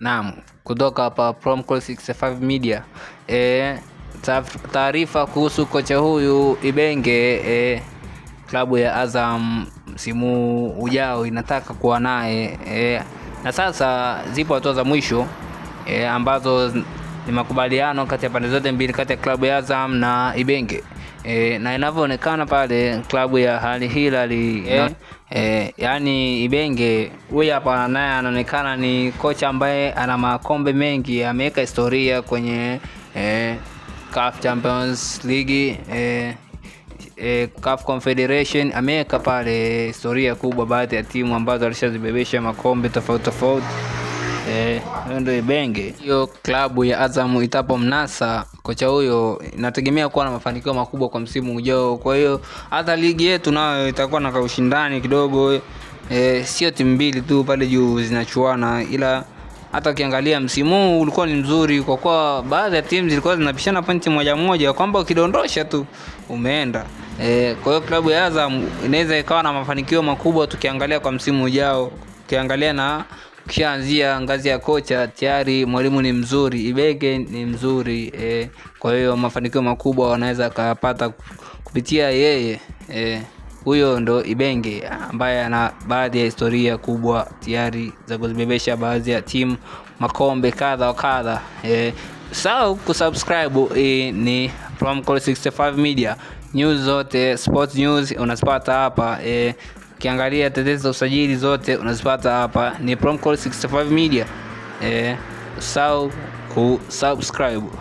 Naam, kutoka hapa Promcol 65 Media. E, taarifa kuhusu kocha huyu Ibenge e, klabu ya Azam msimu ujao inataka kuwa naye e, na sasa zipo hatua za mwisho e, ambazo ni makubaliano kati ya pande zote mbili, kati ya klabu ya Azam na Ibenge. E, na inavyoonekana pale klabu ya Al Hilal yeah. E, yani Ibenge huyu hapa naye anaonekana ni kocha ambaye ana makombe mengi, ameweka historia kwenye e, CAF Champions League e, e, CAF Confederation ameweka pale historia kubwa, baadhi ya timu ambazo alishazibebesha makombe tofauti tofauti. Eh, hiyo ndio ibenge. Hiyo klabu ya Azam itapo mnasa kocha huyo inategemea kuwa na mafanikio makubwa kwa msimu ujao. Kwa hiyo hata ligi yetu nayo itakuwa na kaushindani kidogo. eh, sio timu mbili tu pale juu zinachuana, ila hata ukiangalia msimu huu ulikuwa ni mzuri kwa kuwa baadhi ya timu zilikuwa zinapishana pointi moja moja, kwamba ukidondosha tu umeenda. E, kwa hiyo klabu ya Azam inaweza ikawa na mafanikio makubwa tukiangalia kwa msimu ujao, ukiangalia na ukishaanzia ngazi ya kocha tayari mwalimu ni mzuri, ibege ni mzuri e, kwa hiyo mafanikio makubwa wanaweza akapata kupitia yeye e, huyo ndo Ibenge ambaye ana baadhi ya historia kubwa tayari za kuzibebesha baadhi ya timu makombe kadha wa kadha e, sau kusubscribe e, ni Promcol 65 Media news zote sports news unazipata hapa e, Ukiangalia tetezi za usajili zote unazipata hapa, ni Promcall 65 Media. Eh, usahau kusubscribe.